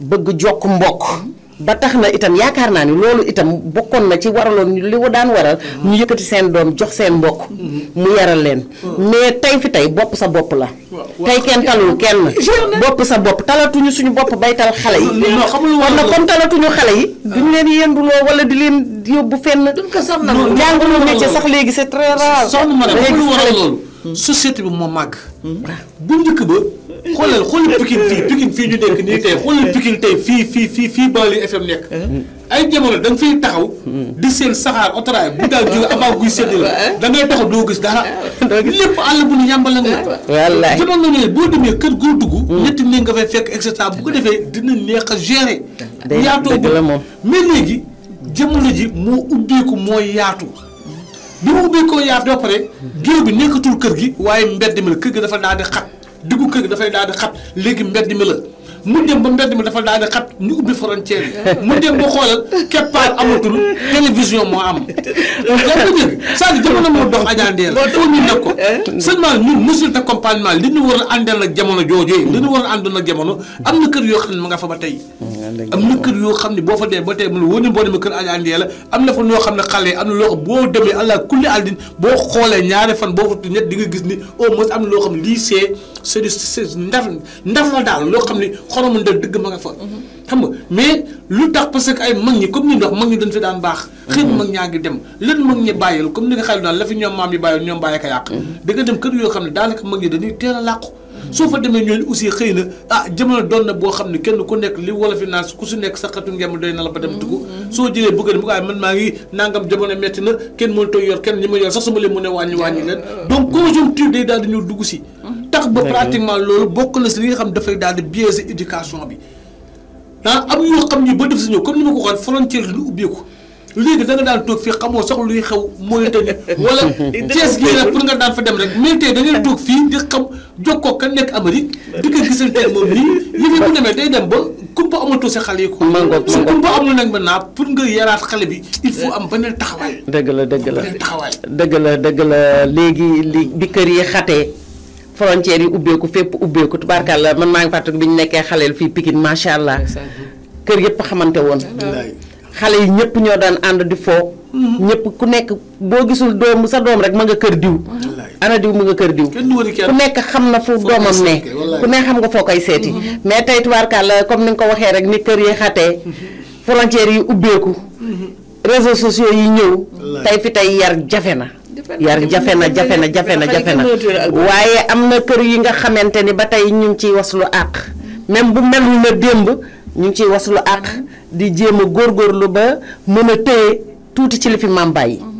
bëgg jokk mbokk ba tax na itam yaakaar naa ni loolu itam bokkoon na ci waraloon li wa daan waral ñu yëkkati seen doom jox seen mbokk mu yaral leen mais tey fi tey bopp sa bopp la tey kenn talul kenn bopp sa bopp talatuñu suñu bopp bay tal xale yi kon na talatuñu xale yi duñu leen yenduloo wala di leen yóbbu fenn njàngulu métier sax léegi c'est très rare soxna ma ne xale loolu société bi moo màgg hmm. bu njëkk ba xoolal xoolal Pikine fii Pikine fii ñu nekk nii tey xoolal Pikine tey fii fii fii fii Banlieue FM nekk. ay jamono da nga fiy taxaw. di seen saxaar otoraay bu daal jóge avant guy sedd la da ngay taxaw doo gis dara. lépp àll bu ñu yàmbal la nga. wallaay jamono ne boo demee kër goo dugg. ñetti néeg nga fay fekk et cetera bu ko defee dina neex a gérer. day dëgg la moom mais léegi jamono ji moo ubbeeku moo yaatu. bi mu ubbeekoo yaatu ba pare géew bi nekkatul kër gi waaye mbedd mi la kër gi dafa daal di xat. dugg kër gi dafay daal di xat léegi mbedd mi la. mu dem ba mbedd mi dafa daal di xat ñu ubbi frontière yi mu dem ba xoolal keppaar amatul télévision moo am yaa ngi dégg cest à dox ajandeel foo ñu nekk ko seulement ñun mesure d'accompagnement li ñu war a àndal ak jamono joojee li ñu war a àndoon ak am na kër yoo xam ne ma tey am na kër yoo xam ne boo fa dee ba tey mu boo demee kër ajandeel la am na fa noo xam ne xale am na loo boo demee allah kulli aldin boo xoolee ñaari fan boo fa ñett nga gis ni au moins am loo xam ne lii c'est c'est ndar ndar la daal loo xam ne xoromu ndel dëgg ma nga fa. Mhm. xam mais lu tax parce ay mag ñi comme ni dox mag ñi dañ fi daan baax. Mhm. xëy mag ñaa ngi dem lan mag ñi bàyyil comme ni nga xam ne daal la fi ñoom maam yi ko mhm. xam ne daanaka mag ñi dañuy teel a xëy na ah jamono doon na boo xam ne kenn ku nekk li wala ku su nekk saxatu ngem doy na la ba dem dugg soo jëlee bëgg dem ko ah, ay man maa ngi nangam jamono metti na kenn mënul toy yor kenn ñi ma yor sax su ma leen mën a wàññi wàññi leen donc conjoncture day daal di ñu dugg si tax ba pratiquement loolu bokk na si li nga xam dafay daal di biaiser éducation bi ah am ñoo xam ñu ba def si ñëw comme ni ma ko waxoon frontière lu ubbeeku léegi da nga daan toog fii xamoo sax luy xew Mauritanie wala Thiès gi nag pour nga daan fa dem rek mais tey da ngay toog fii di xam jokkoo kan nekk Amérique di ko gisante moom nii yëf bu demee day dem ba kumpa amatoo si xale yi ko su kumpa amul nag maintenant pour nga yaraat xale bi il faut am beneen taxawaay dëgg la dëgg la dëgg la dëgg la léegi li bi kër yi xatee frontière yi ubbeeku fépp ubbeeku tubaarkàlla man ma ngi fàttali biñu nekké nekkee fi pikine ma sha allah kër yëpp xamanté won xalé yi ñëpp ño daan and di fo mm-hmm. ñëpp ku nekk bo gisul doom sa doom rek ma nga kër diw ana diw ma nga kër diw ku nekk xam na fu doomam ne ku ne xam nga fo koy seeti mm-hmm. mais tey tubaarkàlla comme ni nga ko rek ni kër yi xaté mm-hmm. frontière yi ko réseaux sociaux yi ñew tay fi tay yar jafena yar jafe na jafe na jafe na jafe na waaye am na kër yi nga xamante ni ba tey ñu ngi ciy waslu àq même bu mel na démb ñu ngi ciy lu àq mm-hmm. di jéem góor góorlu ba mën a téye tuuti ci li fi màmbaay yi